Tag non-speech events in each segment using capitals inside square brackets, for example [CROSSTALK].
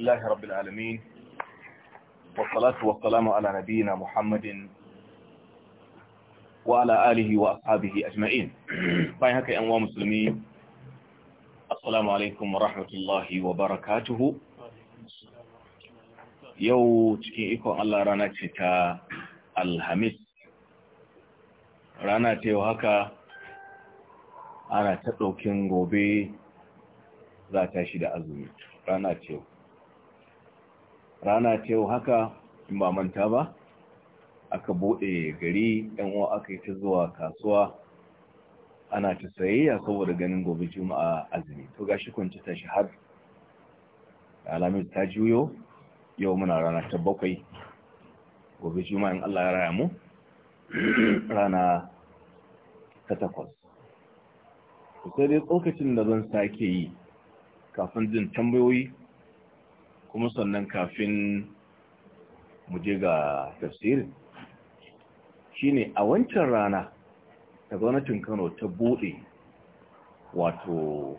الله رب العالمين والصلاة والسلام على نبينا محمد وعلى آله وأصحابه أجمعين باي هكا أنواع مسلمين السلام عليكم ورحمة الله وبركاته يو تكيئكم الله رانا تتا الهمس رانا تيو هكا أنا تطلو كنغو بي ذاتا شدا أزمي rana ce rana ta yau haka in ba manta ba aka bude gari yan uwa aka yi ta zuwa kasuwa ana ta sayayya saboda ganin gobe juma'a azumi to gashi kun ta tashi har alamin ta juyo yau muna rana ta bakwai gobe juma'a in Allah ya raya mu [CLEARS THROAT] rana ta takwas sai dai tsokacin da zan sake yi kafin jin tambayoyi kuma sannan kafin mu je ga tafsirin shine a wancan rana ta gwamnatin Kano ta bude wato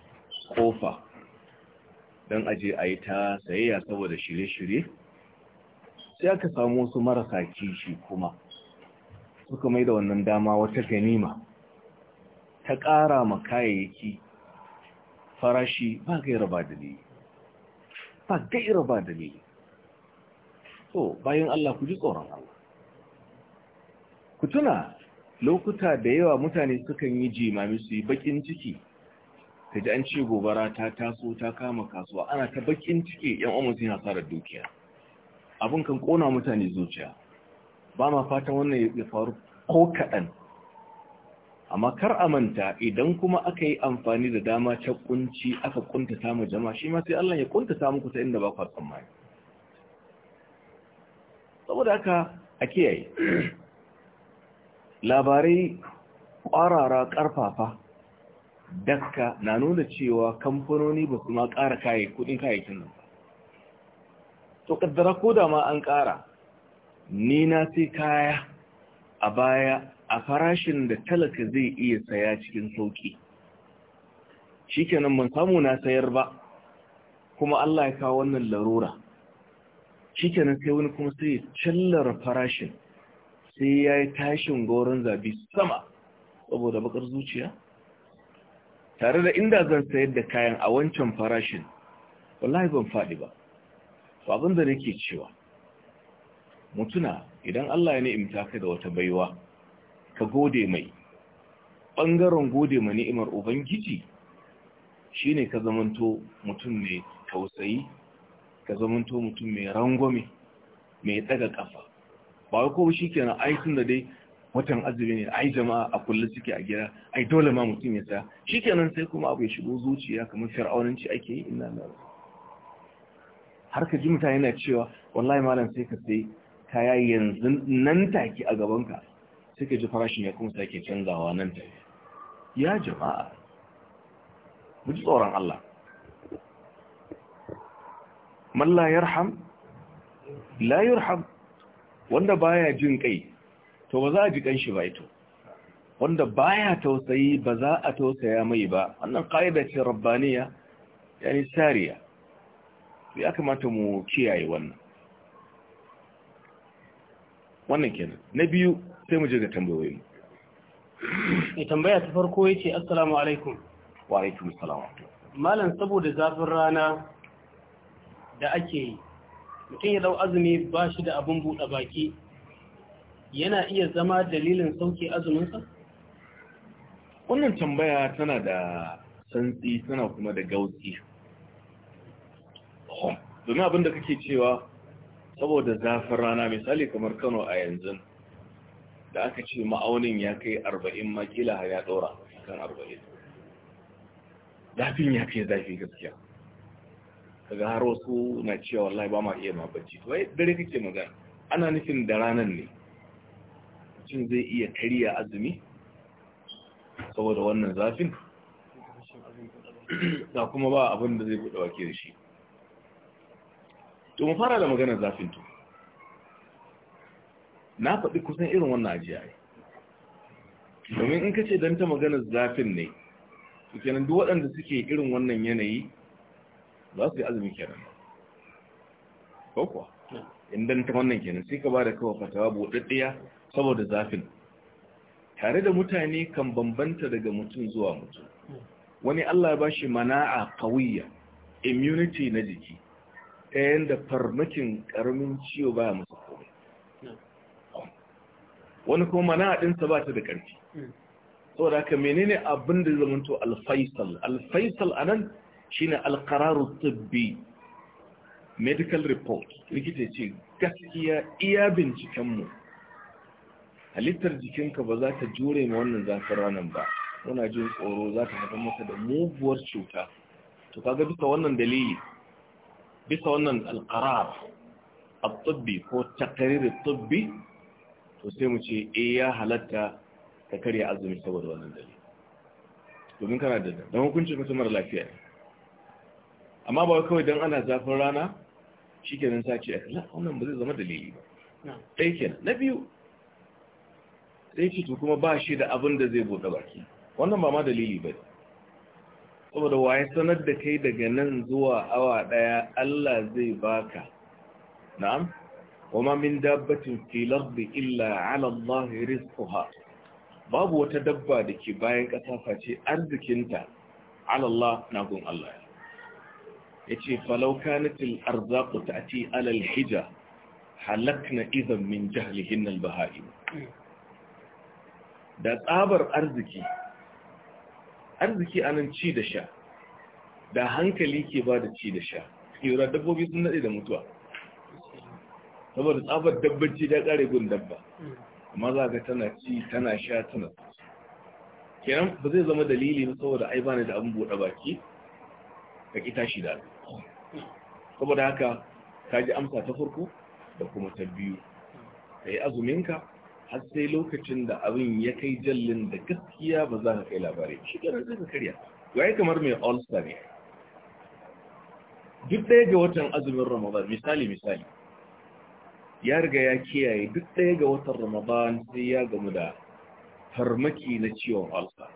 kofa don aje a yi ta sayayya saboda shirye-shirye sai aka samu wasu marasa kishi kuma suka mai da wannan dama wata ganima ta ƙara ma kayayyaki farashi ba gaira ba dalili ba gaira ba dalili so bayan Allah ku ji tsoron Allah ku tuna lokuta da yawa mutane sukan yi jimami su yi bakin ciki ta ji an ce gobara ta taso ta kama kasuwa ana ta bakin ciki yan umar na hasarar dukiya abin kan kona mutane zuciya ba ma fatan wannan ya faru ko kaɗan amma kar a manta idan kuma aka yi amfani da dama ta kunci aka kunta samu jama'a shi ma sai Allah ya kunta samu ku ta inda ba ku tsammani saboda haka a kiyaye labarai ƙwarara ƙarfafa dakka na nuna cewa kamfanoni ba su ma ƙara kudin kayayyakin nan to kaddara ko da ma an ƙara ni na sai kaya a baya a farashin da talaka zai iya saya cikin sauki shikenan ban samu na sayar ba kuma Allah ya kawo wannan larura shikenan sai wani kuma sai callar farashin sai ya yi tashin goron zabi sama saboda bakar zuciya tare da inda zan sayar da kayan a wancan farashin wallahi ban faɗi ba abin da nake cewa mutuna idan Allah ya imta ka da wata baiwa ka gode mai ɓangaren gode ma ni'imar ubangiji ne ka zamanto mutum mai tausayi ka zamanto mutum mai rangwame mai tsaga kafa ba ko shi ke ai aikin da dai watan azumi ne ai jama'a a kullum suke a gida ai dole ma mutum ya saya. shi kenan sai kuma abu ya shigo zuciya kamar fir'aunanci ake yi ina na har ka ji mutane na cewa wallahi malam sai ka sai kaya yanzu nan take a gabanka suka ka ji farashin ya kuma sake canzawa nan ta ya jama'a mu ji tsoron Allah malla la yarham la yurham wanda baya jin kai to ba za a ji kanshi ba ito wanda baya tausayi ba za a tausaya mai ba wannan qaida ce rabbaniya yani sariya ya kamata mu kiyaye wannan wannan kenan na biyu sai mu je ga tambayoyi mai tambaya ta farko ya ce assalamu alaikum wa alaikum assalamu malam saboda zafin rana da ake yi mutum ya dau azumi ba shi da abin buɗe baki yana iya zama dalilin sauke azuminsa? wannan tambaya tana da santsi tana kuma da gautsi domin abin da kake cewa saboda zafin rana misali kamar kano a yanzu da aka ce ma'aunin ya kai arba'in makila ya ɗora kan arba'in zafin ya fiye zafi gaskiya kaga har wasu na cewa wallahi ba ma iya mabarci wai dare kake magana ana nufin da ranar ne cin zai iya kariya azumi saboda wannan zafin da kuma ba abin da zai buɗe wake da shi to mu fara da maganar zafin to na faɗi kusan irin wannan ajiya domin in ka ce don ta maganar zafin ne su kenan duk waɗanda suke irin wannan yanayi za su yi azumi kenan ko kuwa don ta wannan kenan sai ka ba da kawo fatawa buɗaɗɗiya saboda zafin tare da mutane kan bambanta daga mutum zuwa mutum wani Allah ba shi mana'a kawiyya immunity na jiki ta yanda farmakin ƙaramin ciwo baya musu wani kuma mana'adinsa ba ta da ƙarfi hmm. da haka menene abin da zamanto alfaisal alfaisal a shi shine alqararu tibbi medical report likita ce gaskiya iya binciken mu halittar jikinka ba za ta jure ma wannan zafin ranan ba muna jin tsoro za ta haɗa maka da muguwar cuta to kaga bisa wannan dalili bisa wannan alqarar a tibbi ko taqrir at to sai mu ce eh ya halatta ka karya azumi saboda wannan dalili domin kana da dan hukuncin mutum mara lafiya ne amma ba kawai dan ana zafin rana shikenan sai ce la wannan ba zai zama dalili ba sai kenan na biyu sai ce to kuma ba shi da abin da zai bude baki wannan ba ma dalili ba saboda waye sanar da kai daga nan zuwa awa daya Allah zai baka na'am وما من filar في illa إلا على الله رزقها babu wata dabba da ke bayan ƙasa face arzikinta ala Allah na gun ya ce falauka natil arzaku ta ce alal hija halakna izan min jahalihin albahari da tsabar arziki arziki anan ci da sha da hankali ke bada da ci da sha yura dabbobi sun nade da mutuwa saboda tsabar dabbaci ta kare gun dabba amma za ga tana ci tana sha tana kenan ba zai zama dalili na saboda ai bani da abin buɗe baki ka ki tashi da saboda haka ka ji amsa ta farko da kuma ta biyu ka yi azuminka har sai lokacin da abin ya kai jallin da gaskiya ba za ka kai labari shi kenan zai ka karya wai kamar mai all star ne duk ɗaya ga watan azumin ramadan misali misali ya riga ya kiyaye duk ɗaya ga watan ramadan sai ya gamu da farmaki na ciwon alsa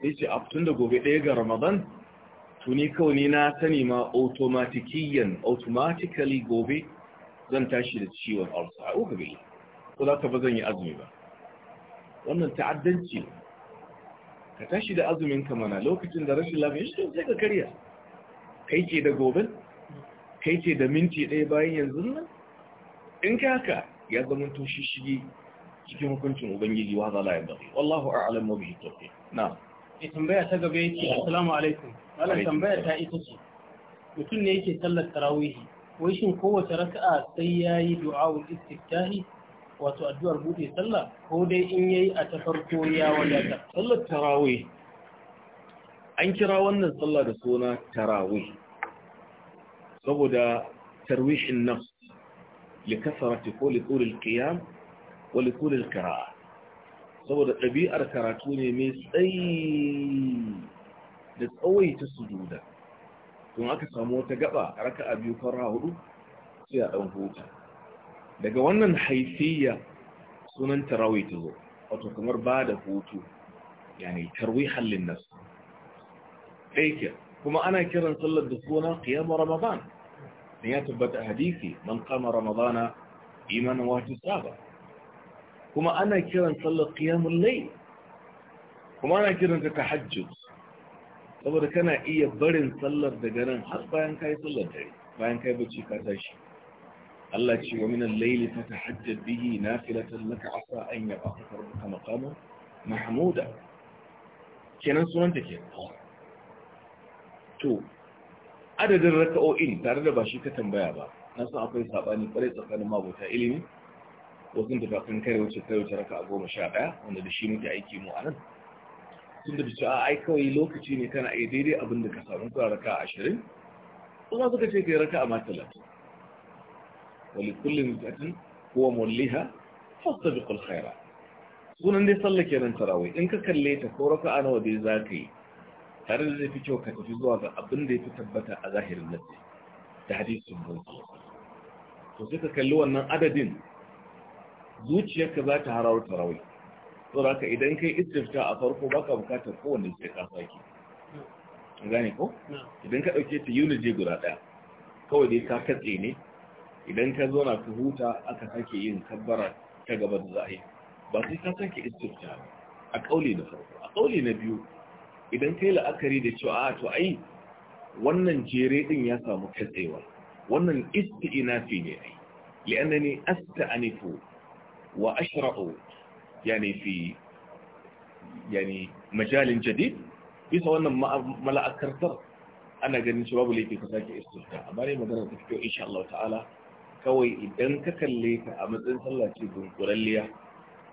sai ce a tun da gobe ɗaya ga ramadan tuni kawai ni na sani ma automatikiyan automatically gobe zan tashi da ciwon alsa a uku ko za ka ba zan yi azumi ba wannan ta'addanci ka tashi da azuminka mana lokacin da rashin lafiya shi sai ka karya kai ke da goben kai ke da minti ɗaya bayan yanzu nan in ka haka ya zama to shi shige cikin hukuncin ubangiji wa zala ya bari wallahu a'lam wa bihi tawfiq na e tambaya ta gaba yake assalamu alaikum malam tambaya ta ita ce mutum ne yake sallar tarawih wai shin kowace raka'a sai yayi du'a'ul istiftahi wato addu'ar buɗe sallah ko dai in yayi a ta farko ya wadata sallar tarawih an kira wannan sallah da suna tarawih saboda tarwishin nafs لكثرة كل طول القيام ولطول القراءة صور أبي أركراتوني ميس أي لتأوي تسجودة ثم أكسى موتى قبع ركا أبي فراهد سيا أنهوتا لقوانا حيثية سنن ترويته وتكمر بعد فوتو يعني ترويحا للنفس أيكا كما أنا كرا نصلى الدخونة قيام رمضان da ya tabbata hadisi man kama ramadana imanin wata saba kuma ana kiran sallar qiyamul layl kuma ana kiran ta hajjus saboda kana iya barin sallar daga nan har bayan kai sallar dare bayan kai bacci ka tashi Allah ce wa min al-layli fatahajjad bihi nafilatan laka asa an yab'athaka rabbuka maqama mahmuda kenan sunanta to adadin raka'o'in tare da ba shi ka tambaya ba na san akwai saɓani kwarai tsakanin mabuta ilimi wasu da kafin kare wuce kai wuce raka a goma sha ɗaya wanda da shi muke aiki mu a nan sun da cewa ai kawai lokaci ne kana iya daidai abin da ka samu kura raka a ashirin kuma suka ce kai raka a ma wali kullum zatin kowa mulliha fasta bi khaira sunan dai sallah nan tarawai in ka kalle ta ko raka a nawa dai za ka yi tare da zai fi kyau ka tafi zuwa ga abin da ya fi tabbata a zahirin nasi ta hadisun bauti to sai ka kalli wannan adadin zuciyarka za ta harawar tarawai to da ka idan kai istifta a farko ba ka bukatar kowane sai ka saki gane ko idan ka ɗauke ta yi je guda ɗaya, kawai dai ka katse ne idan ka zo na ka huta aka sake yin kabbara ta gaba da zahi ba sai ka sake istifta a ƙauli na farko a ƙauli na biyu idan kai la'akari da cewa a ah, to ai wannan jere din ya samu katsewa wannan isti'nafi ne ai li'annani asta'anifu wa ashra'u yani fi yani majalin jadid bisa wannan mala'akartar ana ganin cewa babu laifi ka sake istinta amma dai magana ta fito insha Allah ta'ala kawai idan ka kalle ka a matsayin sallah ce dunkulalliya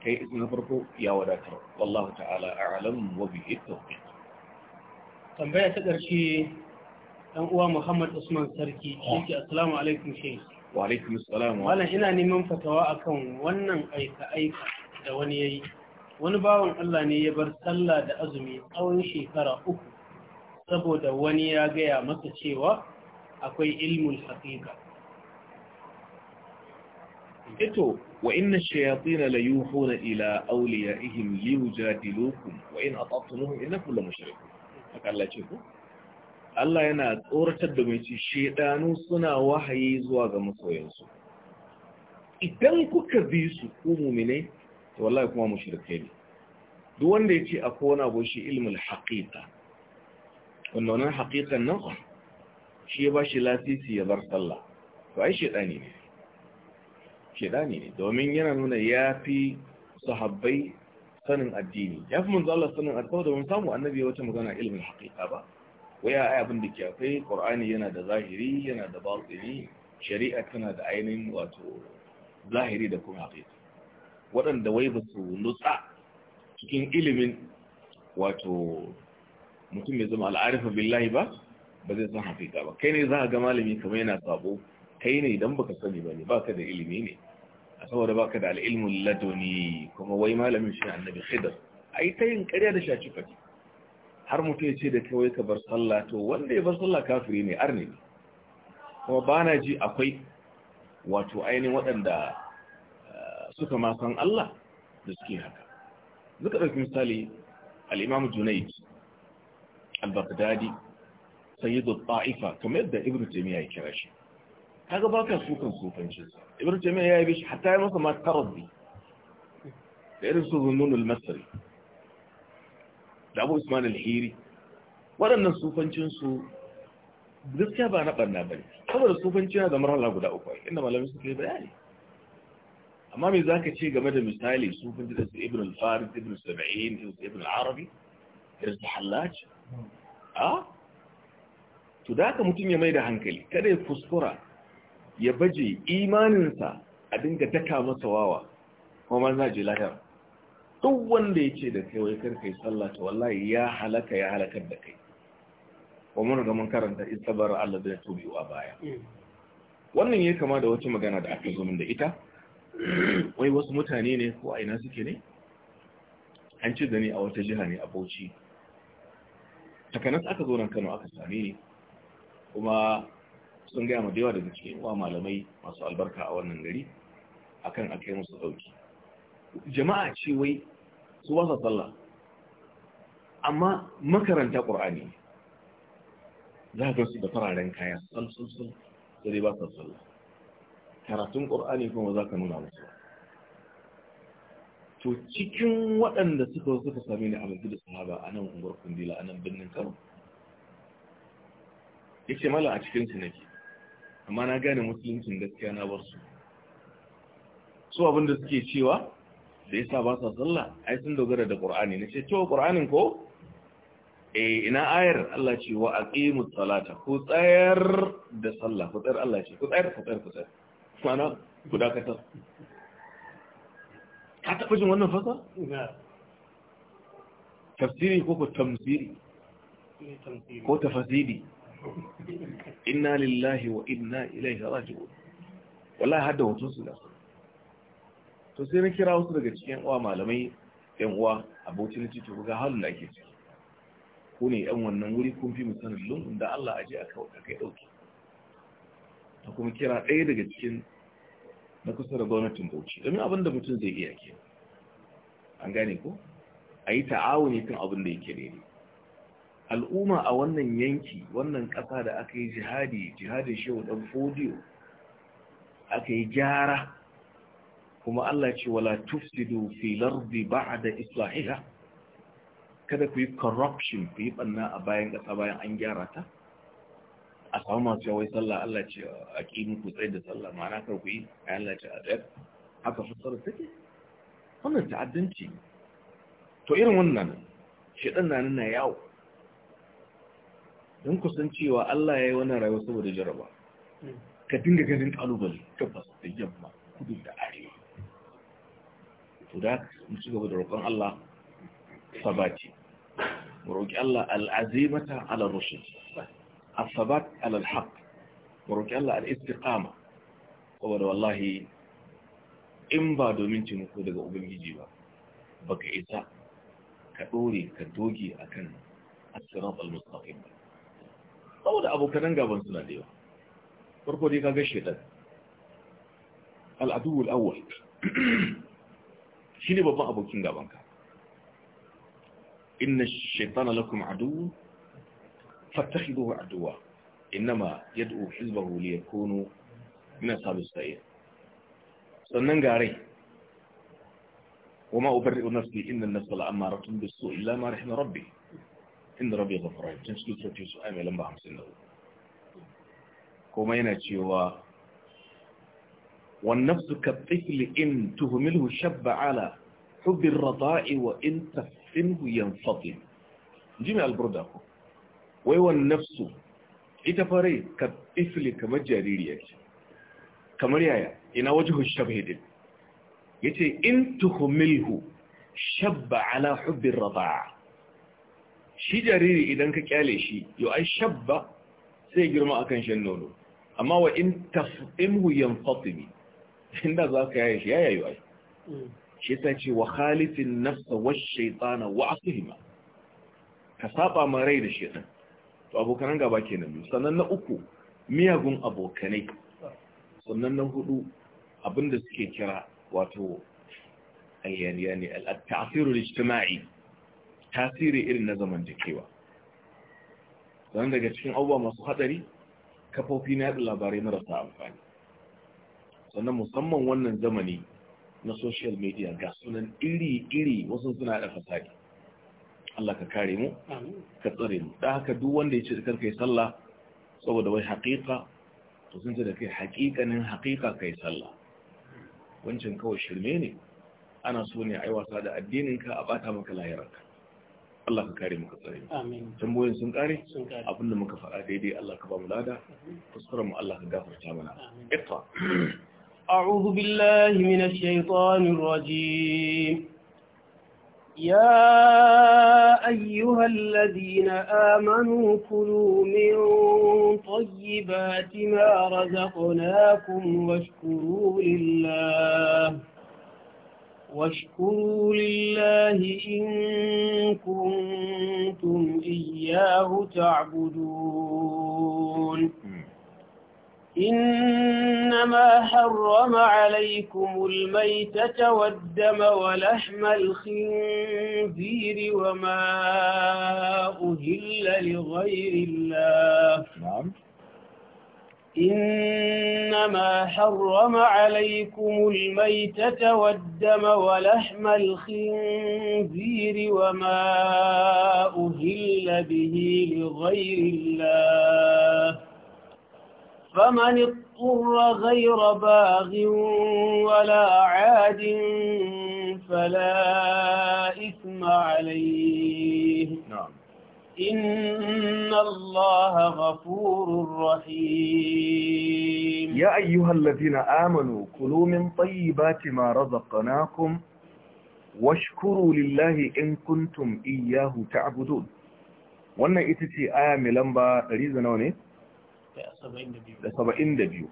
kai na farko ya wadatar wallahu ta'ala a'lam wa bihi tawfiq tambaya ta ƙarshe ɗan uwa Muhammad Usman Sarki shi assalamu alaikum shi wa alaikum assalam wala ina neman fatawa akan wannan aika aika da wani yayi wani bawan Allah ne ya bar sallah da azumi tsawon shekara uku saboda wani ya gaya masa cewa akwai ilmul haqiqa ito wa inna shayatin la yuhuna ila awliyaihim liyujadilukum wa in atatumuhum haka Allah ce ku Allah yana tsoratar da mai ce shedanu suna wahayi zuwa ga masoyansu idan kuka bi su ku mu'minai to wallahi kuma mushrike ne duk wanda ya ce akwai wani abu shi ilmul haqiqa wannan wannan haqiqan nan shi ya bashi lasisi ya bar sallah to ai shedani ne shedani ne domin yana nuna ya yafi sahabbai sanin addini ya fi manzo Allah sanin alkawar mun samu annabi wata magana ilimin haƙiƙa ba wai ya ai abin da ke akwai qur'ani yana da zahiri yana da batini shari'a tana da ainihin wato zahiri da kuma haƙiƙa waɗanda wai ba su nutsa cikin ilimin wato mutum mai zama al'arifa billahi ba ba zai san haƙiƙa ba kai ne za ka ga malami kamar yana sabo kai ne idan baka sani ba ne baka da ilimi ne saboda baka da al'ilmun ladoni kuma wai malamin shi annabi A yi ta yin ƙarya da shaci fati har mutu ya ce da kawai ka bar sallah to wanda ya bar sallah kafiri ne arne ne kuma ba na ji akwai wato ainihin waɗanda eh, suka ma san Allah da suke haka Zaka ɗauki misali al'imamu junaid al-baghdadi sayyidu ta'ifa kamar yadda ibn Jami'a ya kira shi kaga ba ka sukan sufanci ibn taymiya ya yi shi hatta ya masa ma taraddi da irin su zunnun al-masri da abu usman al-hiri waɗannan sufancin su gaskiya ba na ɓanna barna bane saboda sufanci yana da marhala guda uku inda malami suka yi bayani amma me zaka ce game da misali sufanci da su ibn al-farid ibn sab'in ibn al-arabi irin su hallaj hmm. a ah? to da haka mutum ya mai da hankali kada ya kuskura ya baje imaninsa a dinga daka masa wawa kuma za je lahira duk wanda ya ce da kai wai kar kai sallah ta wallahi ya halaka ya halakar da kai wa mun ga mun karanta istabara Allah da tubi wa baya wannan ya kama da wata magana da aka zo min da ita wai wasu mutane ne ko a ina suke ne an ce da ni a wata jiha ne a Bauchi takanas aka zo nan Kano aka same ni kuma sun gaya mu yawa daga cikin wa malamai masu albarka a wannan gari akan akai musu dauki jama'a ce wai su ba sa sallah amma makaranta ƙur'ani za ka su da fararen kaya sal sal sal sai ba sallah karatun ƙur'ani kuma za ka nuna musu to cikin waɗanda suka suka sami ni a masjidin sahaba a nan unguwar kundila a nan birnin kano yake mala a cikin su nake amma na gane musuluncin gaskiya na bar su su abinda suke cewa da yasa ba sa sallah ai sun dogara da qur'ani na ce to qur'anin ko eh ina ayar Allah ce wa aqimus salata ku tsayar da sallah ku tsayar Allah ce ku tsayar ku tsayar ku tsayar mana ku dakatar ka taɓa jin wannan fasa? tafsiri ko ko tamsiri ko tafasiri inna lillahi wa inna ilaihi raji'un wallahi hadda hoton su da to sai na kira wasu daga cikin uwa malamai yan uwa abokin ci ga halin da ake ciki ko ne yan wannan wuri kun fi musanin lungun da Allah aje aka kai dauki ta kuma kira ɗaya daga cikin na kusa da gwamnatin Bauchi domin abin da mutum zai iya ke an gane ko a yi ta'awuni kan abin da yake daidai al'umma a wannan yanki wannan ƙasa da aka yi jihadi jihadin shehu ɗan fodiyo aka yi gyara kuma Allah ce wala tufsidu fi lardi ba'da islahiha kada ku yi corruption ku yi banna a bayan ƙasa bayan an gyara ta a samu masu yawai sallah Allah ce a ƙini ku tsaye da sallah ma'ana kar ku yi a Allah ce a ɗaya haka fassara take wannan ta'addanci to irin wannan shi shaɗan na nuna yawo don kusan cewa Allah ya yi wannan rayuwa saboda jaraba ka dinga ganin kalubale tabbas da yamma kudu da arewa to da mu ci gaba da roƙon Allah sabati mu roƙi Allah al'azimata ala rushd as-sabat ala al-haq mu roƙi Allah al-istiqama saboda wallahi in ba domin taimako daga ubangiji ba baka isa ka dore ka doge akan as-sirat al-mustaqim saboda abokan gaban suna da yawa farko dai kaga shedan al'adu awwal shine babban abokin gabanka inna ash-shaytana lakum aduwwun fattakhiduhu aduwwa inma yad'u hizbahu liyakunu min ashabis sa'ir sannan gare وما أبرئ نفسي إن النفس لأمارة بالسوء إلا ما رحم ربي inda rabi zafarai cikin suturci su tafi su ai mai lamba hamsin da uku kuma yana cewa wannan nafsu ka tsifili in tuhumilhu shabba ala hubin rada'i wa in tafinhu yan fatin ji mai alburda ku wai wannan nafsu ita fare ka tsifili kamar jaririya ce kamar yaya ina wajen shabhidin ya ce in tuhumilhu shabba ala hubin rata'a shi jariri idan ka kyale shi yo ai shabba sai girma akan shan nono amma wa in tafimhu yanfatimi inda za ka yaye shi ya yayo ai shi ta ce wa khalifin nafsa wa shaytana wa asihima ka saba ma rai da shaytan to abokan gaba kenan sannan na uku miyagun abokanai sannan na hudu abinda suke kira wato ayyani yani al al ijtima'i tasiri irin na zamantakewa don daga cikin abubuwa masu hatsari kafofi na yaɗa labarai marasa amfani sannan musamman wannan zamani na social media ga sunan iri-iri wasu suna da fasari Allah ka kare mu ka tsare mu da haka duk wanda ya ce karka yi sallah saboda wai haƙiƙa to sun ce da kai haƙiƙanin haƙiƙa ka yi sallah wancan kawai shirme ne ana so ne a yi wasa da addininka a ɓata maka lahirarka Allah ka kare muka tsare tambayoyin sun kare abinda muka faɗa daidai Allah ka ba mu lada kuskuren mu Allah ka gafarta mana iqra أعوذ بالله من الشيطان الرجيم يا أيها الذين آمنوا كلوا من طيبات ما رزقناكم واشكروا لله واشكروا لله إن كنتم إياه تعبدون إنما حرم عليكم الميتة والدم ولحم الخنزير وما أهل لغير الله نعم إن إنما حرم عليكم الميتة والدم ولحم الخنزير وما أهل به لغير الله فمن اضطر غير باغ ولا عاد فلا إثم عليه إن الله غفور رحيم يا أيها الذين آمنوا كلوا من طيبات ما رزقناكم واشكروا لله إن كنتم إياه تعبدون wannan ita ce aya mai lamba 100 nawa da 72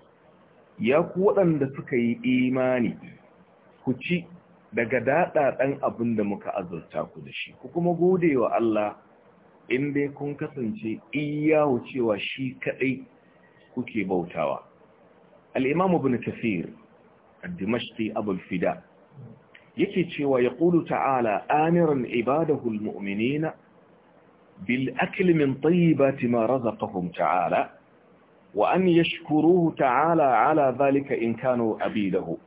ya ku waɗanda suka yi imani ku ci daga daɗaɗen abinda muka azurta ku da shi ku kuma gode wa Allah in dai kun kasance iya wucewa shi kadai kuke bautawa al-imam ibn kathir ad-dimashqi abu al-fida yake cewa ya qulu ta'ala amiran ibadahu al-mu'minina bil akli min tayyibati ma razaqahum ta'ala wa an yashkuruhu ta'ala ala dhalika in kanu abidahu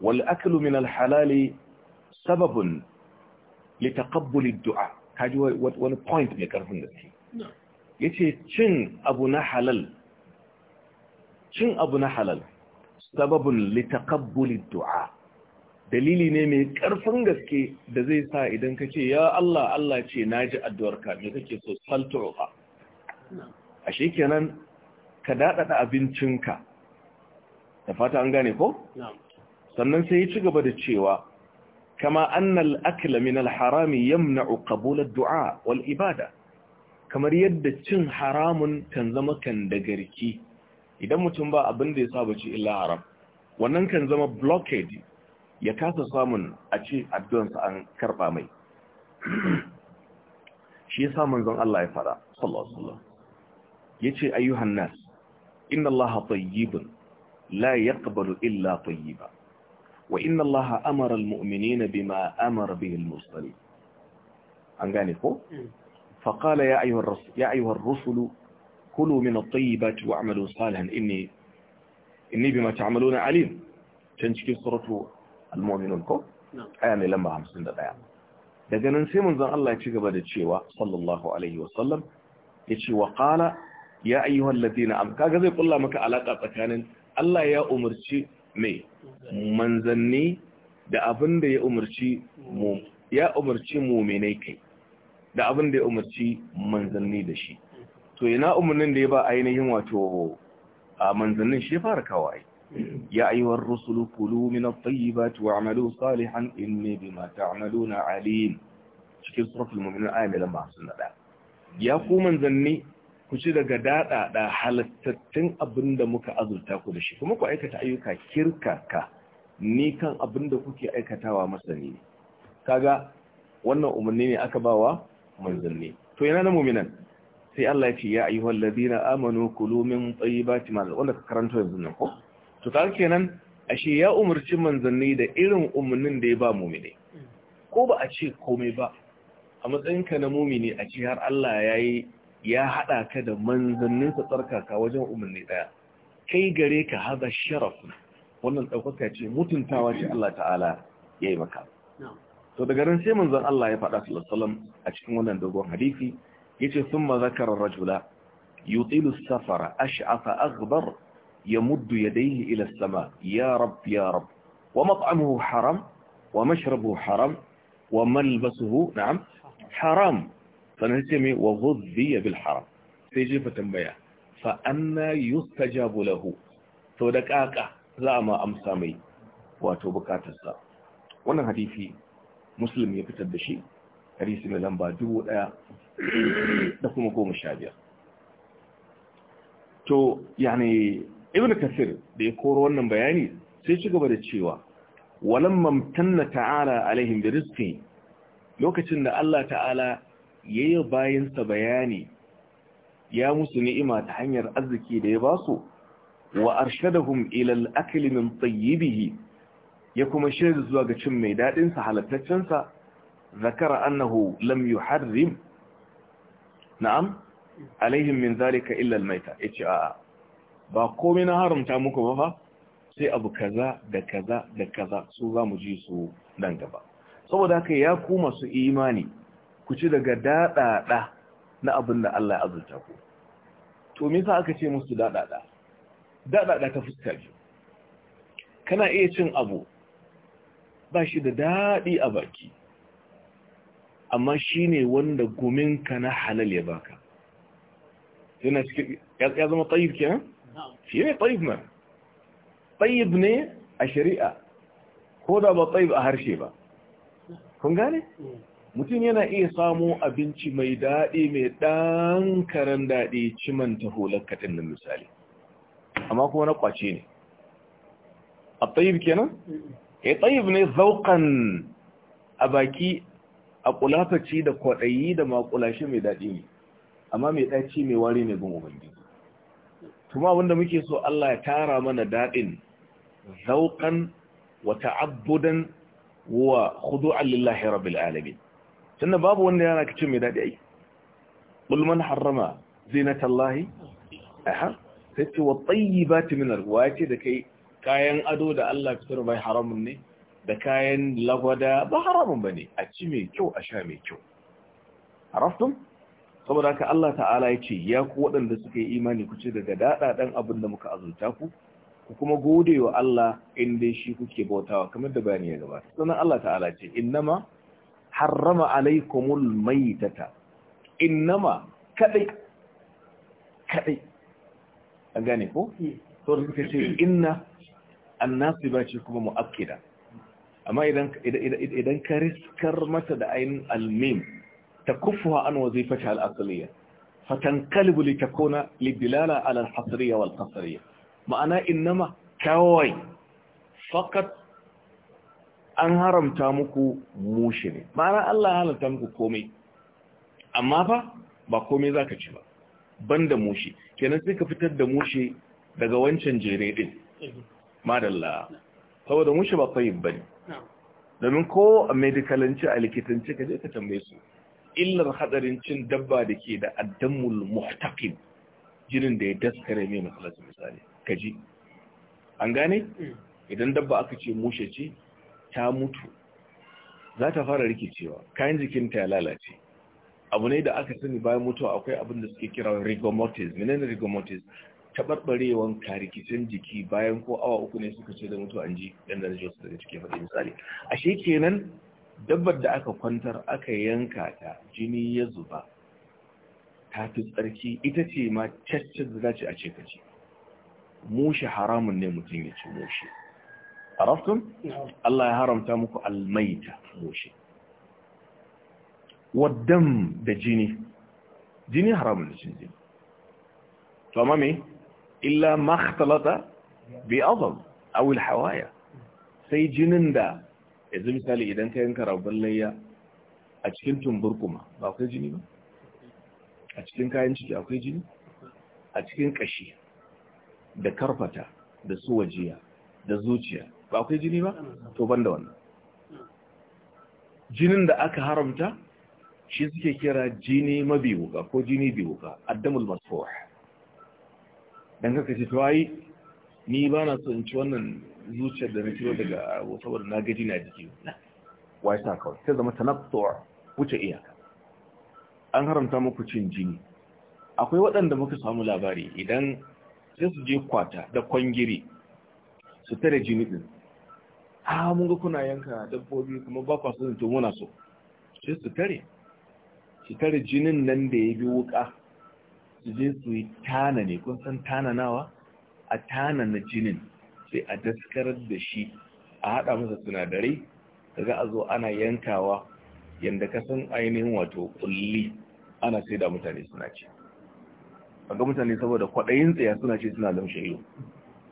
wal aklu min al-halali sababun ad-du'a ka ji wani point mai karfin da ke ya ce cin abu na halal cin abu na halal sababin litakabbuli du'a dalili ne mai karfin gaske da zai sa idan ka ce ya Allah Allah ce na ji addu'arka mai kake so saltu'a a shekenan ka daɗaɗa abincinka da fata an gane ko? sannan sai ya ci gaba da cewa كما أن الأكل من الحرام يمنع قبول الدعاء والإبادة كما يد تن حرام كان كان دقركي إذا متنبا ya دي صابتي إلا حرام wannan kan zama blockade ya kasa samun a ce addu'ansa an karba mai shi yasa zan Allah ya fara sallallahu alaihi wasallam yace ayyuhan nas inna allaha tayyibun la yaqbalu illa tayyiba وإن الله أمر المؤمنين بما أمر به المرسلين أنقانكو فقال يا أيها, يا أيها الرسل كلوا من الطيبات واعملوا صالحا إني, إني بما تعملون عليم تنشك سورة المؤمنون كو آياني لما هم سند بيان لذلك ننسيمون ذا الله يتشيك يتقبل الشيوة صلى الله عليه وسلم يتشي وقال يا أيها الذين أمكا كذلك يقول الله مكا علاقة تكانين الله يا أمرتي me manzanni da abin da ya umarci mu ya umarci mu'minai kai da abin da ya umarci manzanni da shi to ina umarnin da ya ba ainihin wato a manzannin shi fara kawai ya ayyuhar rusulu kulu min at-tayyibati wa'malu salihan inni bima ta'maluna alim cikin suratul mu'minun ayatul 51 ya ku manzanni ku ci daga daɗaɗa halittattun abin da muka azurta ku da shi kuma ku aikata ayyuka kirkaka ni kan abin da kuke aikatawa masani kaga wannan umarni ne aka bawa manzanni to yana na muminan sai Allah ya ce ya ayyuhal ladina amanu kulu min tayyibati ma wanda ka karanta yanzu nan ko to kaga kenan ashe ya umarci manzanni da irin umarnin da ya ba mumine ko ba a ce komai ba a matsayinka na mumini a ce har Allah ya yi ya haɗa ka da manzanninsa tsarkaka wajen umarni ɗaya kai gare ka haza sharaf wannan ɗaukaka ce mutuntawa ce Allah ta'ala ya yi maka to daga ran sai manzan Allah ya faɗa sallallahu a cikin wannan dogon hadisi sun thumma zakara rajula yutilu safara ash'afa aghbar yamuddu yadayhi ila sama ya rab ya rab wa mat'amuhu haram wa mashrabuhu haram wa malbasuhu na'am haram sannan ce mai wa ghudhiya bil sai jefa tambaya fa anna yustajabu lahu to da kaka za a ma amsa mai wato bukatarsa wannan hadisi muslim ya fitar da shi hadisi mai lamba dubu ɗaya da kuma goma sha biyar to yani ibn kasir da ya koro wannan bayani sai ci gaba da cewa walan mamtanna ta'ala alaihim bi rizqi lokacin da Allah ta'ala Ya yi bayansa bayani ya musu ni'ima ta hanyar arziki da ya ba su wa arshadahum ila al-akli min tayyibihi ya kuma shirya zuwa ga cin mai dadin sa halattaccen sa zakara annahu lam yuharrim na'am alaihim min zalika illa al-maita yace a ba komai na haramta muku ba fa sai abu kaza da kaza da kaza su zamu ji su nan gaba saboda haka ya kuma masu imani ku ci daga daɗaɗa na abin da Allah ya azurta ku to me aka ce musu daɗaɗa daɗaɗa ta fuska biyu kana iya cin abu ba shi da daɗi a baki amma shi ne wanda guminka na halal ya baka yana cikin ya zama tsayib kenan? shi ne ne a shari'a ko da ba tsayib a harshe ba kun gane? Mm. mutum yana iya samo abinci mai daɗi mai ɗan karen daɗi ciman ta hular kaɗin nan misali amma kuma na ƙwace ne a tsayib kenan? ya eh, tsayib ne zaukan a baki a kulafaci da kwaɗayi da makulashe mai daɗi ne amma mai ɗaci mai wari ne gun ubangiji Tuma abinda muke so Allah ya tara mana daɗin zaukan wa ta'abbudan wa khudu'an lillahi rabbil alamin tunda babu wanda yana kace mai daɗi ai bulman harrama zinatallahi aha sai ce wa tayyibati min alwa ce da kai kayan ado da Allah fitar bai haramun ne da kayan lagwada ba haramun ne, a ci mai kyau a sha mai kyau Haraftun saboda ka Allah ta'ala yace ya ku waɗanda suka yi imani ku ce daga dada dan abin da muka azurta ku ku kuma gode wa Allah in shi kuke bautawa kamar da bayani ya gabata sannan Allah ta'ala ce innama حرم عليكم الميتة إنما كذي كذي أجاني هو صور كثير إن الناس يبايشكم مؤكدا أما إذا إذا إذا إذا إذا كريس كرمة دعين الميم تكفها عن وظيفتها الأصلية فتنقلب لتكون للدلالة على الحصرية والقصرية معناه إنما كوي فقط an haramta muku mushi ne ma'ana Allah halatta muku komai amma fa ba komai ka ci ba banda mushi kenan sai ka fitar da mushi daga wancan jere din madalla saboda mushi ba fahimba ne. domin ko a medicalanci a likitanci ka je ka tambaye su illar hadarin cin dabba da ke da addamul muhtaqin jinin da ya daskare mai matsalar misali kaji an gane mm. idan dabba aka ce mushe ce ta mutu za ta fara rikicewa kayan jikinta ya lalace abu ne da aka sani bayan mutuwa akwai abin da suke kira rigomotis menene rigomotis taɓarɓarewan karikicin jiki bayan ko awa uku ne suka ce da mutu an ji yadda da josu daga cikin faɗi misali ashe kenan dabbar da aka kwantar aka yanka ta jini ya zuba ta fi tsarki ita ce ma cacce da za ce a ce ka ce mushi haramun ne mutum ya ci mushi عرفتم الله يحرم تامكو الميتة موشي والدم ده جيني جيني حرام الجنزين تمامي maktalata ما اختلط بأضل أو الحوايا sai jinin da yanzu misali idan ka yanka rabon layya a cikin tumbur ba akwai jini ba a cikin kayan ciki akwai jini a cikin kashi da karfata da suwajiya da zuciya ba akwai jini ba to ban wannan jinin da aka haramta shi suke kira jini mabi ko jini bi wuka addamul masfuh dan kaka ce to ai ni ba na so in ci wannan zuciyar da na kiro daga saboda na gaji na jiki wai sa kawai sai zama tanattu wuce iyaka an haramta muku cin jini akwai waɗanda muka samu labari idan sai su je kwata da kwangiri su tare jini din a mun ga kuna yanka dabbobi kuma ba kwa son to muna so shi su tare shi tare jinin nan da ya bi wuka su je su yi tana ne kun san tananawa a tana na jinin sai a daskar da shi a haɗa masa sinadarai daga a zo ana yankawa yadda ka san ainihin wato kulli ana sai da mutane suna ce ga mutane saboda kwaɗayin tsaya suna ce suna lamshe yau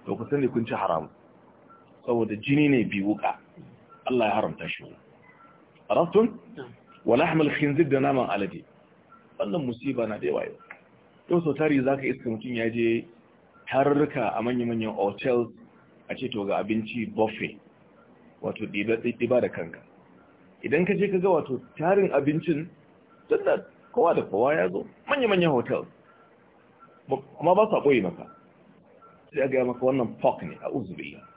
to ku sani kun ci haramu saboda jini ne bi wuka Allah ya haramta shi arabtun wala hamal khinzir da naman alade wannan musiba na da yawa yau yau sau tari za ka iska mutum ya je tarurruka a manya-manyan hotels a ce to ga abinci buffet wato ɗiba da kanka idan ka je ka ga wato tarin abincin don da kowa da kowa ya zo manya-manyan hotels amma ba sa ɓoye maka sai a gaya maka wannan pork ne a uzubilla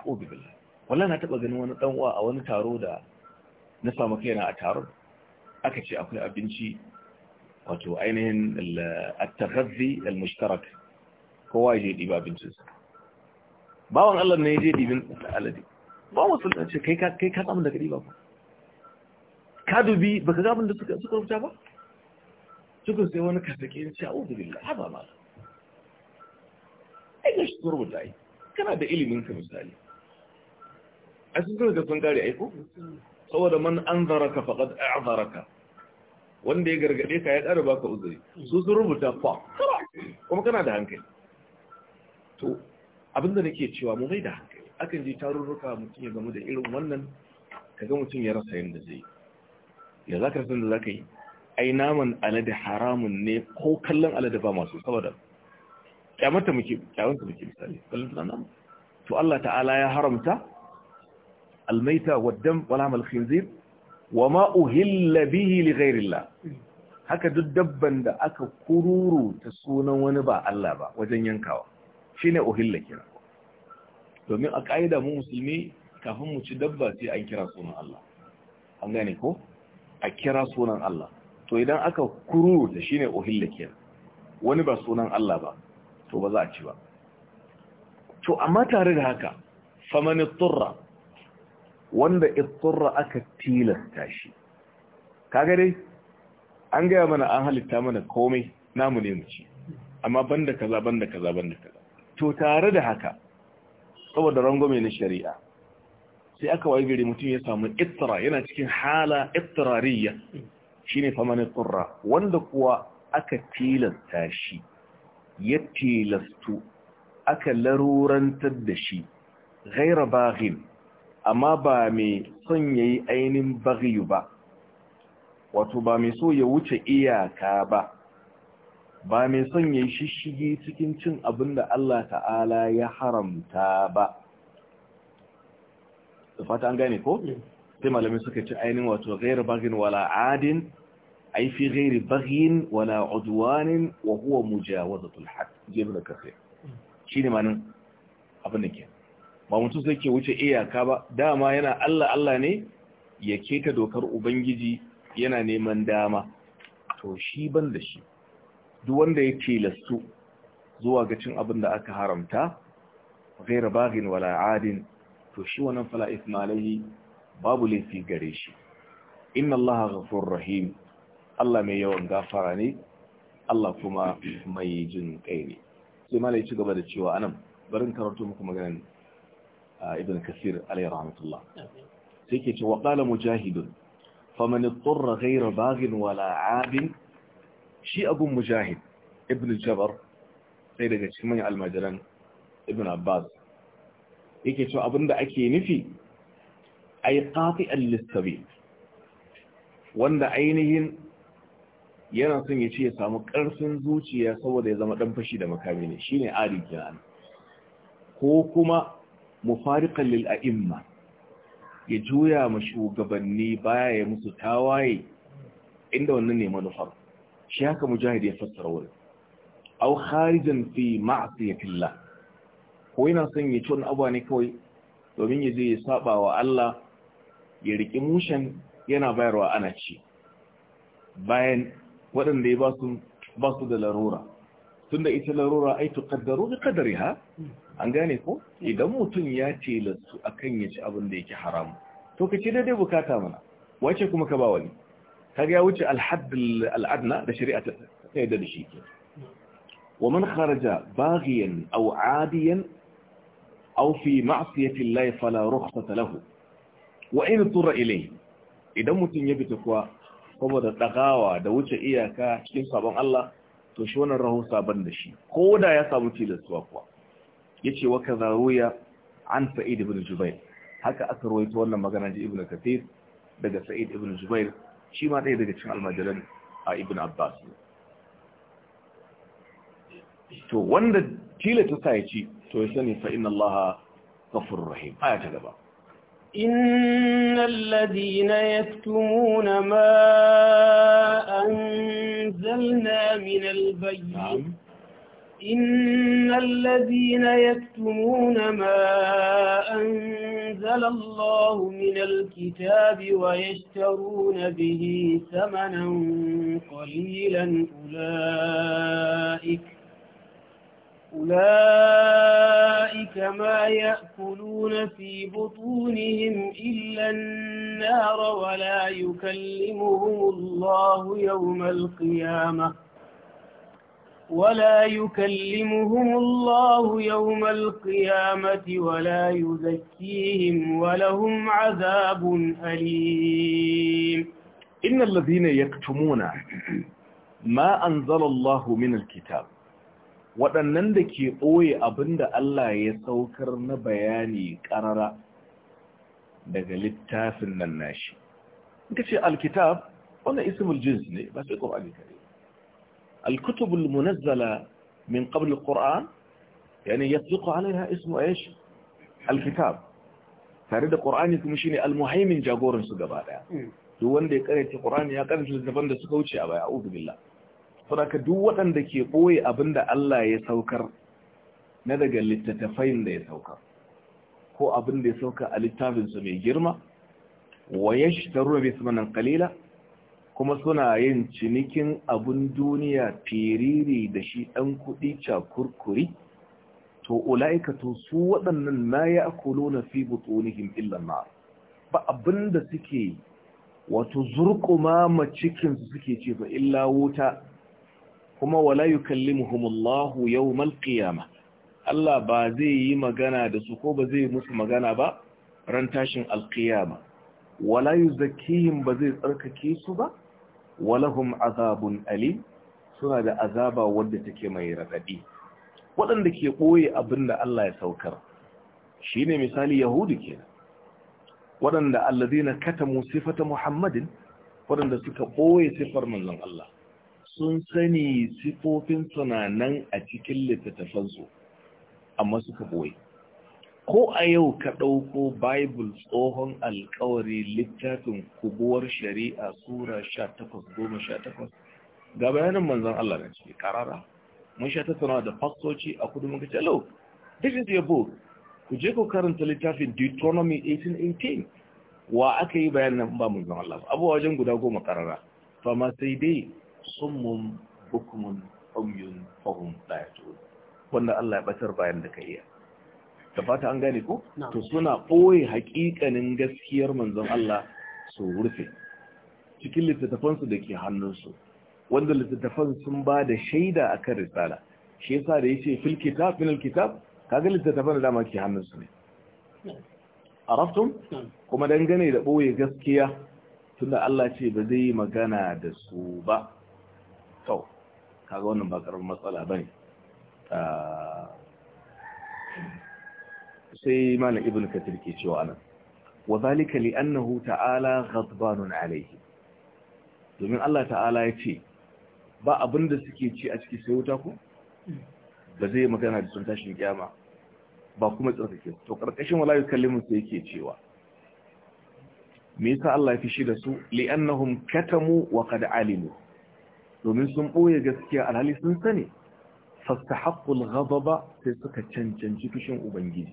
أعوذ بالله ولا نتبقى جنوة نتوى أو نتارودا نسا مكينا أتارود أكتش أكل أبنشي وتو أينهن التغذي المشترك هو يجي إبا بنشيس باوان الله من يجي إبا بنشيس باوان صلى الله كي كاتا من دكري باوان كادو بي بكذا من دكري سكر بجابا سكر سيوانا كاتكين شاوذ بالله هذا ما أنا تروي داي كان هذا إلي من كمثالي a sun da sun kare aiko saboda man an zaraka faƙad a zaraka wanda ya gargaɗe ka ya ƙara baka uzuri su sun rubuta fa kuma kana da hankali to abinda nake cewa mu mai da hankali akan ji tarurruka mutum ya gamu da irin wannan Ka ga mutum ya rasa yadda zai ya za ka san da za ka yi ai naman alade haramun ne ko kallon alade ba masu saboda kyamata muke kyawanta muke misali kallon naman to Allah ta'ala ya haramta almaita waddam wal hamal khinzir wa ma uhilla bihi haka duk dabban da aka kururu ta sunan wani ba Allah ba wajen yankawa shine uhilla kira domin a kaida mu musulmi kafin mu ci dabba sai an kira sunan Allah an gane ko a kira sunan Allah to idan aka kururu ta shine uhilla kira wani ba sunan Allah ba to ba za a ci ba to amma tare da haka famani turra wanda itsurra aka tilasta shi kaga dai an gaya mana an halitta mana komai namu ne mu ci amma banda kaza banda kaza banda kaza to tare da haka saboda rangwame na shari'a sai aka wayi gari mutum ya samu ittira yana cikin hala ittirariya shine famanin tsurra wanda kuwa aka tilasta shi ya tilastu aka larurantar da shi ghaira baghin amma ba mai son ya yi ainihin bariyu ba wato ba mai so ya wuce iyaka ba ba mai son ya yi shishigi cikin cin abin da Allah ta'ala ya haramta ba da fata an gane ko? sai malami suka ci ainihin wato gairar bagin wala adin aifi gairar bagin wala uduwanin wa huwa zatul haq jebe da kasai mm. shi ne manin abin da ke ba mutum sai ke wuce iyaka ba dama yana Allah Allah ne ya keta dokar ubangiji yana neman dama to shi ban da shi duk wanda ya tilastu zuwa ga cin abin da aka haramta ghayr baghin wala adin to shi wannan fala ismalahi babu laifi gare shi inna allaha ghafur rahim Allah mai yawan gafara ne Allah kuma mai jin kai ne sai malai ci gaba da cewa anan barin karanto muku ne. ibn kasir alayhi rahmatullah sai ke ce wa qala mujahidun faman ittara wala abin shi abun mujahid ibn jabar sai daga cikin manyan almajiran ibn abbas yake cewa abinda ake nufi ay qati'an lis-sabil wanda ainihin yana son ya ce ya samu ƙarfin zuciya saboda ya zama ɗan fashi da makami ne shine ari kenan ko kuma mufariqan a a'imma ya juya ma shugabanni baya ya musu tawaye inda wannan ne manufar shi haka mujahid ya fassara wurin Au kharijan fi filla. ko yana son ya ci wani abu ne kawai domin ya je ya saba wa Allah ya riki mushen yana bayarwa ana ci bayan waɗanda ya ba su da larura tunda ita larura ai tuqaddaru bi ha? an gane ko idan mutum ya tilastu akan ya ci abin da yake haramu to ka ci daidai bukata mana wace kuma ka ba wani kaga ya wuce alhadd al'adna da shari'a ta yadda da shi ke wa man kharaja baghiyan aw adiyan aw fi ma'siyati llahi fala rukhsata lahu wa in turra ilayhi idan mutum ya fita kuwa saboda dagawa da wuce iyaka cikin sabon Allah to shi wannan rahusa ban da shi ko da ya samu tilastuwa kuwa Ya ce waka Zaruya an sa'id ibn jubair haka aka rawaito wannan magana ji ibn kathir daga sa'id ibn jubair shi ma ɗaya daga cikin almajiran a ibn abbas to wanda tila ta sa ya ci to ya sani fa inna allaha rahim aya ta gaba إن الذين يكتمون ما أنزلنا من البينات إن الذين يكتمون ما أنزل الله من الكتاب ويشترون به ثمنا قليلا أولئك أولئك ما يأكلون في بطونهم إلا النار ولا يكلمهم الله يوم القيامة ولا يكلمهم الله يوم القيامة ولا يزكيهم ولهم عذاب أليم إن الذين يكتمون ما أنزل الله من الكتاب waɗannan da ke ɓoye abinda Allah ya saukar na bayani ƙarara daga littafin nan nashi. Ita ce alkitab, wannan jins ne, ba sai الكتب المنزلة من قبل القرآن يعني يطلق عليها اسم ايش الكتاب tare da Qur'ani kuma shine al-muhaimin jagoran su gaba daya duk wanda ya karanta Qur'ani ya karanta littafin da suka wuce a baya a'udhu billah saboda duk waɗanda ke boye abinda Allah ya saukar na daga littattafai da ya saukar ko abinda ya sauka a littafin sa mai girma wa yashtaru bi thamanan qalila kuma suna yin cinikin abun duniya firiri da shi ɗan kuɗi cakurkuri to ula'ika to su waɗannan na ya akulo na fi butonihim illan na ba abin da suke wato zurkuma macikinsu suke ce ba illa wuta kuma wala yi kallimuhumullahu yau malkiyama Allah ba zai yi magana da su ko ba zai musu magana ba ran tashin alkiyama wala yi ba zai tsarkake su ba walahum azabun Ali suna da azaba wadda take mai raɗaɗi waɗanda ke ɓoye abinda Allah ya saukar shi ne misali yahudu ke waɗanda allazina katamu sifata muhammadin waɗanda suka ɓoye sifar manzon Allah sun sani sifofin tunanan a cikin littattafansu amma suka ɓoye ko a yau ka ɗauko bible tsohon alkawari littafin kubuwar shari'a sura 18-18 ga bayanin manzan Allah na ce karara mun sha tattauna da fastoci a kudu muka ce lo this is your book ku je ku karanta littafin deuteronomy 18: 18. wa aka yi bayanin ba manzan Allah abuwa wajen guda goma karara fama sai dai summun bukumun umyun fahim daya wanda Allah ya batar bayan da ka iya da fata an gane ko to suna ɓoye hakikanin gaskiyar manzon Allah su rufe cikin littattafansu da ke hannunsu wanda littattafan sun ba da shaida akan risala shi yasa da yace fil kitab min al kitab kaga littattafan da dama ke hannunsu ne araftum kuma dangane da ɓoye gaskiya tunda Allah ce ba zai yi magana da su ba to kaga wannan ba karamin matsala bane ah, sai malam ibn katir ke cewa anan wa zalika li annahu ta'ala ghadbanun alayhi domin Allah ta'ala ya ce ba abin da suke ci a ciki sai wuta ko ba zai magana da sun tashin kiyama ba kuma tsarkake to karkashin wala yukallimu sai yake cewa me yasa Allah ya fishi da su li'annahum katamu wa qad alimu domin sun boye gaskiya alhali sun sane fastahaqqul ghadaba sai suka cancanci fushin ubangiji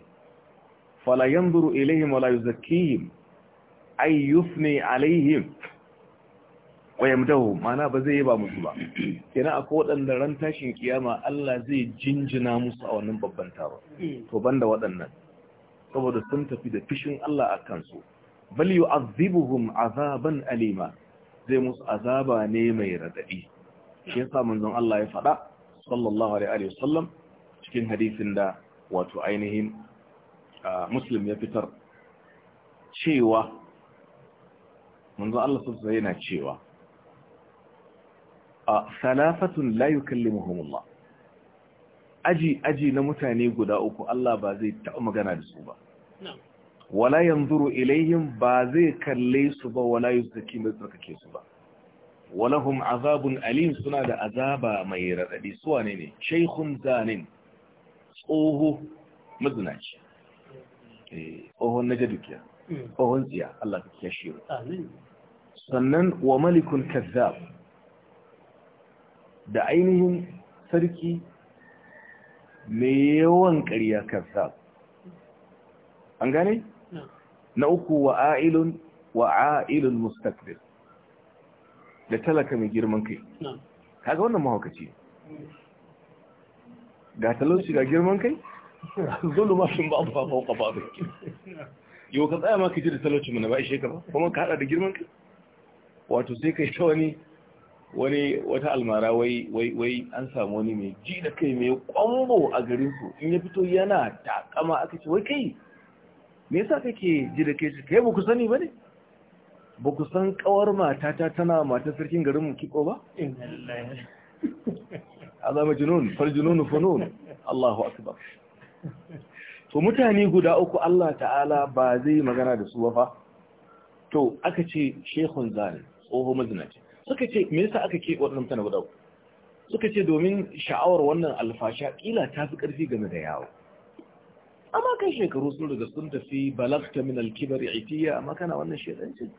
fala yanzuru ilaihim wala yuzakkihim ay yusni alaihim wa yamdahu ba zai ba musu ba kenan akwai waɗanda ran tashin kiyama Allah zai jinjina musu a wannan babban taro to banda waɗannan saboda sun tafi da fishin Allah a kansu bal yu'azzibuhum azaban alima zai musu azaba ne mai radadi shi yasa manzon Allah ya faɗa sallallahu alaihi wasallam cikin hadisin da wato ainihin muslim ya fitar cewa manzo Allah sassa yana cewa a salafatun la yukallimuhum Allah aji aji na mutane guda uku Allah ba zai taɓa magana da su ba wala yanzuru ilayhim ba zai kalle su ba wala yuzaki mai tsarkake su ba walahum azabun alim suna da azaba mai radadi su wane ne shaykhun zanin tsoho mazinaci Eh, tsohon na jadukiya hmm. tsohon tsiya Allah ka kiyashe mu sannan wa malikun kazzab da ainihin sarki mai yawan ƙarya kazzab an gane na uku wa ailun wa ailun mustakbir da talaka mai girman kai kaga wannan mahaukaci hmm. ga talauci ga girman kai [LAUGHS] sun ba ba fauka ba ba yau ka tsaya ma ka ji da talauci mana ba ishe ka ba kuma ka hada da girman ka wato sai kai ta wani wani wata almara wai wai wai an samu wani mai ji da kai mai kwambo a garin su in ya fito yana takama aka ce wai kai me yasa kake ji da kai kai ba ku sani ba ne ba ku san kawar matata tana matar sarkin garin mu kiko ba azama junun fal funun Allahu akbar to mutane guda uku Allah ta'ala ba zai magana da su ba fa to aka ce shehun zani tsoho mazinaci suka ce me yasa aka ke waɗannan mutane guda uku suka ce domin sha'awar wannan alfasha kila ta fi ƙarfi game da yawo amma kan shekaru sun daga sun tafi balagta min alkibar itiya amma kana wannan shedanci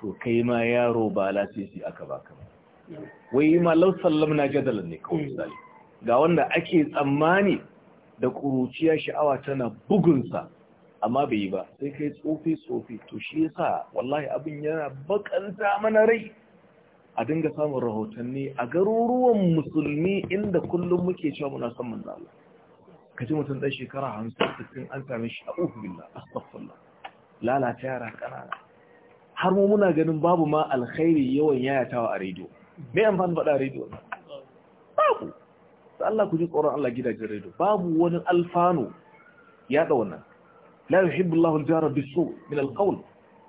to kai ma yaro ba lasisi aka baka ba wai ma law sallamna jadalan ne kawai misali ga wanda ake tsammani da ƙuruciya sha'awa tana bugunsa amma bai yi ba sai kai tsofi tsofi to shi yasa wallahi abin yana bakanta mana rai a dinga samun rahotanni a garuruwan musulmi inda kullum muke cewa muna son manzo Allah ji mutum dan shekara 50 an same shi a uku billah astaghfirullah lalata yara kanana har mu muna ganin babu ma alkhairi yawan yayatawa a rediyo me amfani faɗa rediyo babu da Allah ku ji tsoron Allah gidajen radio babu wani alfano ya da wannan la yuhibbu Allahu al-jara bis-su min al-qawl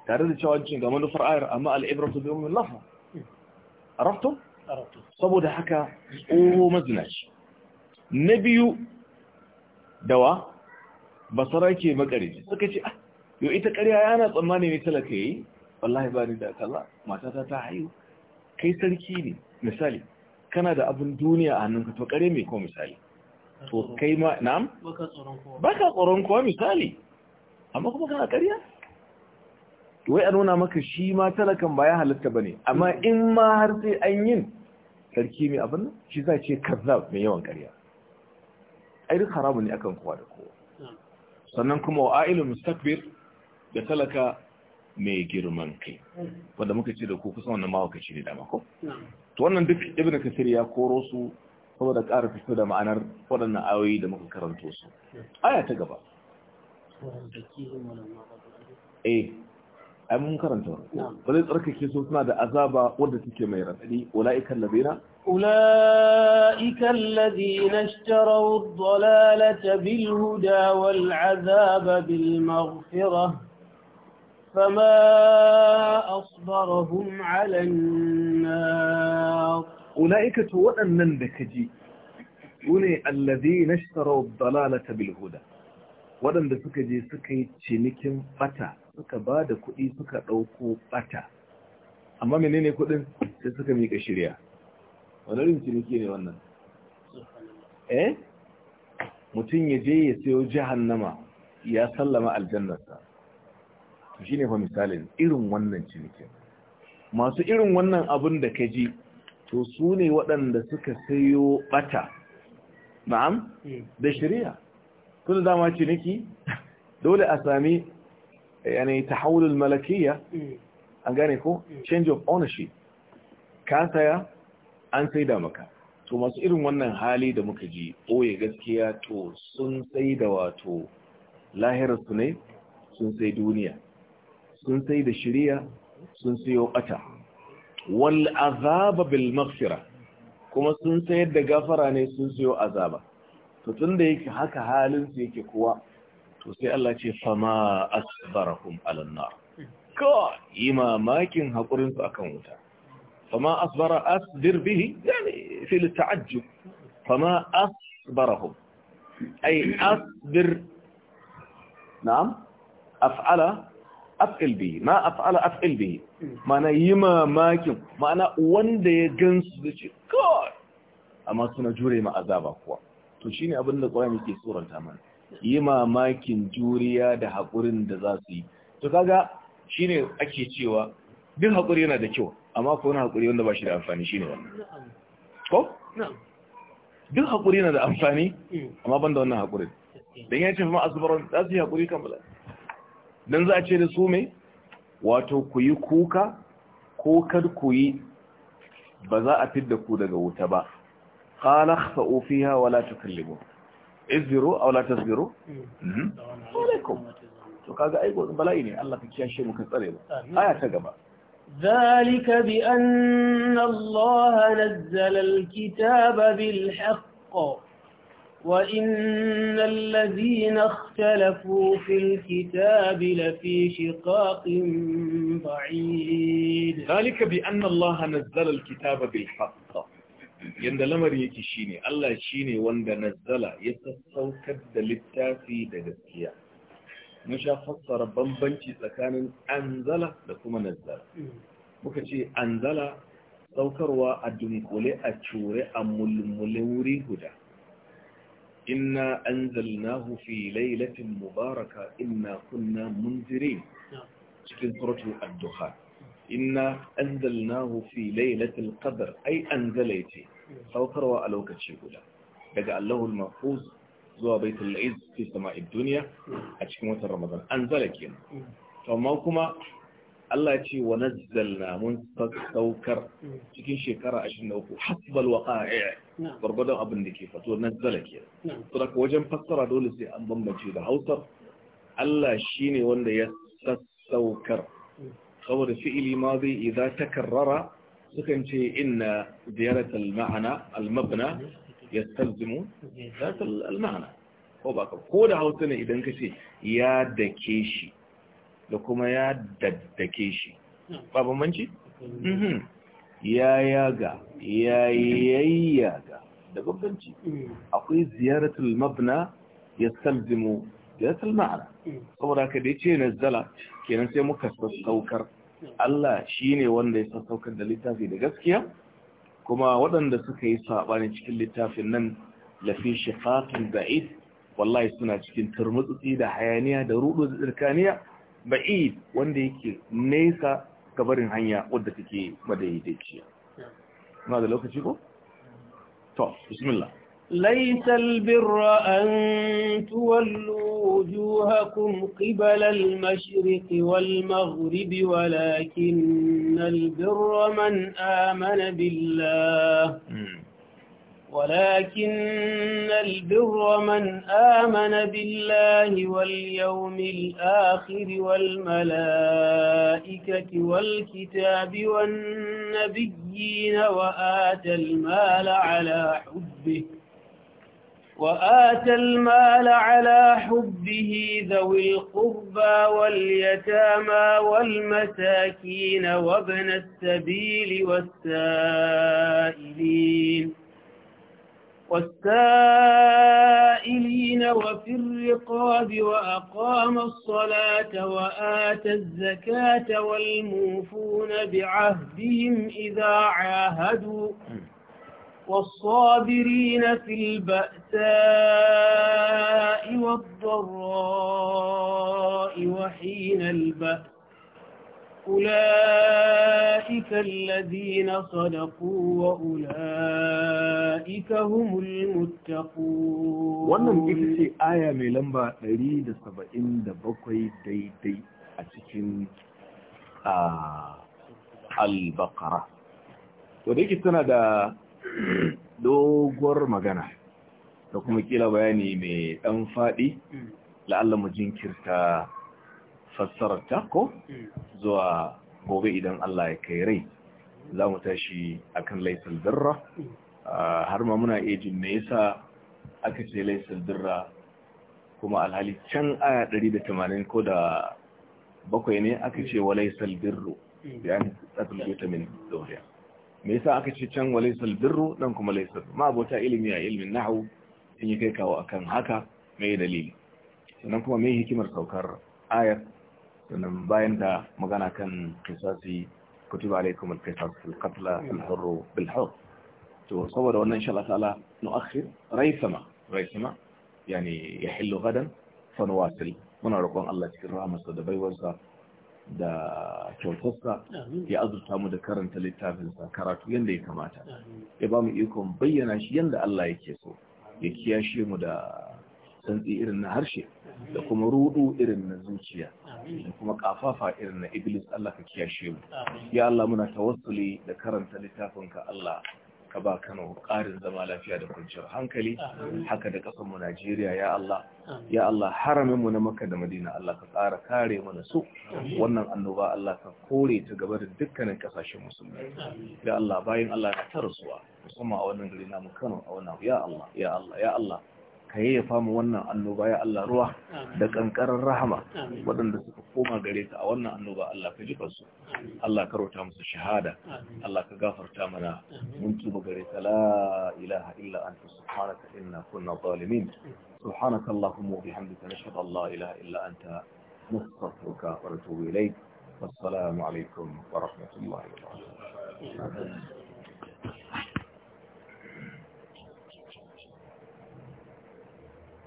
tare da cewa cin ga manufar ayar amma al-ibratu bi ummi lafz araftum saboda haka tsoro mazinaci na biyu dawa basara ke suka ce ah yau ita ƙarya yana tsammani ne talaka yayi wallahi ba ni da kala. matata ta haihu kai sarki ne misali kana da abin duniya a hannunka to kare mai kowa misali to kai ma na'am baka tsoron kowa misali amma kuma kana ƙarya wai a nuna maka shi ma talakan ba ya halatta ba ne amma hmm. in ma har sai an yin sarki mai abin nan shi za ce kazzab mai yawan kariya ai duk haramun ne akan kowa da kowa hmm. sannan kuma wa ailul mustakbir da talaka mai girman kai wadda muka ce da ku kusan wannan mawakaci ne da mako? to wannan duk ibn kasir ya koro su saboda ƙara fito da ma'anar waɗannan ayoyi da muka karanto su aya ta gaba eh ai mun karanta ba zai tsarkake su suna da azaba wadda suke mai ratsadi ula'ikan ladina ula'ikan ladina ishtaraw ad-dalalata bil huda wal azaba فما أصبرهم على النار أولئك تودن نندكجي أولي الذين اشتروا الضلالة بالهدى waɗanda suka je suka yi cinikin ɓata suka ba kuɗi suka ɗauko ɓata amma menene kuɗin sai suka miƙa shirya wani rin ciniki ne wannan eh mutum ya je ya sayo jahannama ya sallama aljannarsa shi ne fa misalin irin wannan cinikin masu irin wannan abin da ka ji to su ne waɗanda suka sayo ɓata na'am hmm. da shirya da dama ciniki [LAUGHS] dole a sami ta tahawulul malakiyya hmm. an gane ko hmm. change of ownership ka saya an sai da maka to masu irin wannan hali da muka ji oye gaskiya to sun sai da wato lahirarsu ne sun sai duniya sun sai da shirya sun siyo ƙata wal azaba bil maghfira kuma sun sayar da gafara ne sun siyo azaba to tunda yake haka halin su yake kuwa to sai Allah ce fama asbarahum ala nar ko yi mamakin hakurin su akan wuta fama asbara asdir bihi yani fi ta'ajjub fama asbarahum ay asdir na'am af'ala af'il bihi ma af'ala af'il bihi Ma'ana yi mamakin Ma'ana wanda ya gansu da ce god amma suna jure ma azaba kuwa to shine abin da Qur'ani ke tsoranta mana yi mamakin juriya da hakurin da za su yi to kaga shine ake cewa duk hakuri yana da kyau amma ko wani hakuri wanda ba shi da amfani shine wannan ko duk hakuri yana da amfani mm. amma banda wannan hakurin dan yace fa ma asbaru za su yi hakuri kamar don za a ce da su mai wato ku yi kuka ko kar ku yi ba za a fidda ku daga wuta ba qala khsa'u fiha wa la tukallimu a wala la tasbiru mhm. alaikum to kaga ai bala'i ne Allah ka kiyashe mu ka tsare mu aya ta gaba ذلك بأن الله نزل الكتاب بالحق وإن الذين اختلفوا في الكتاب لفي شقاق بعيد ذلك بأن الله نزل الكتاب بالحق yanda lamari yake shine Allah shine wanda nazzala ya sassaukar da littafi da gaskiya mun sha fassara bambanci tsakanin anzala da kuma nazzala muka ce anzala saukarwa a dunkule a cure a mulmule wuri guda inna anzalnahu fi lailatin mubaraka inna kunna munzirin cikin suratul ad-duha inna anzalnahu fi lailatul qadr ai anzalaiti saukarwa a lokaci guda daga Allahul mahfuz zuwa baitul izz fi sama'id dunya a cikin watan ramadan anzala kenan amma kuma Allah ce wa nazzalna mun saukar cikin shekara 23 hasbal waqa'i gurgudan abin da ke fato nazzala ke to wajen fassara dole sai an bambance da Hausa Allah shine wanda ya sassaukar saboda fi'ili madi idza takarrara sukan ce inna ziyarat al-ma'na al-mabna yastalzimu ziyarat al-ma'na ko ba ko da Hausa ne idan kace ya dake shi da kuma ya daddake shi hmm. ba bambanci hmm. Hmm. ya yaga ya yayyaga da bambanci akwai ziyaratul mabna yastalzimu ziyaratul ma'ana saboda ka dai ce nazzala kenan sai muka saukar Allah shine wanda ya saukar da littafi da gaskiya kuma waɗanda suka yi saɓani cikin littafin nan lafi shiqaqin ba'id wallahi suna cikin turmutsi da hayaniya da ruɗu da tsirkaniya ba'id wanda yake nesa ga barin hanya wadda take madaidaiciya ma da lokaci ko to bismillah ليس البر أن تولوا وجوهكم قبل المشرق والمغرب ولكن البر من آمن بالله ولكن البر من آمن بالله واليوم الآخر والملائكة والكتاب والنبيين وآتى المال على حبه وآت المال على حبه ذوي القربى واليتامى والمساكين وابن السبيل والسائلين والسائلين وفي الرقاب وأقام الصلاة وآتى الزكاة والموفون بعهدهم إذا عاهدوا والصابرين في البأساء والضراء وحين البأس أولئك الذين صدقوا وأولئك هم المتقون wannan ita ce aya mai lamba 177 daidai a cikin al-baqara to da yake tana da doguwar magana da kuma kila bayani mai dan faɗi la'alla mu jinkirta fassarar ta ko zuwa gobe idan Allah ya kai rai za mu tashi a kan laifin dirra har ma muna jin me yasa aka ce laifin dirra kuma alhali can aya 180 ko da bakwai ne aka ce wa laisal birru bayan tsatul vitamin zuhriya me yasa aka ce can wa laisal birru dan kuma laisal ma abota ilimi a ilimin nahu sun yi kai kawo akan haka me dalili sannan kuma me hikimar saukar ayar sannan bayan da magana kan kisasi kutuba alaikum al-qisas al-qatl al-hurr bil hurr to saboda wannan insha Allah ta'ala nu'akhir raisama raisama yani yahillu gadan fa nuwasil muna roƙon Allah cikin rahmarsa da baiwarsa da kyautarsa ya azurta mu da karanta littafinsa karatu yadda ya kamata ya ba mu ikon bayyana shi yadda Allah yake so ya kiyashe mu da santsi irin na harshe da kuma rudu irin na zuciya da kuma kafafa irin na iblis Allah ka kiyashe mu ya Allah muna tawassuli da karanta littafinka Allah ka ba Kano ƙarin zama lafiya da kwanciyar hankali haka da ƙasar mu Najeriya ya Allah ya Allah haramin mu na Makka da Madina Allah ka tsara kare mana su wannan annoba Allah ka kore ta gaba da dukkanin kasashen musulmi ya Allah bayan Allah ka tarsuwa musamman a wannan gari namu Kano a wannan ya Allah ya Allah ya Allah ka yayyafa mu wannan annoba ya Allah ruwa da ƙanƙarar rahama waɗanda suka koma gare a wannan annoba Allah ka jifa su Allah ka rota musu shahada Allah ka gafarta mana mun tuba gare ka la ilaha illa anta subhanaka inna kunna zalimin subhanaka allahumma wa bihamdika nashhadu an la ilaha illa anta نستغفرك ونتوب إليك والسلام عليكم ورحمة الله وبركاته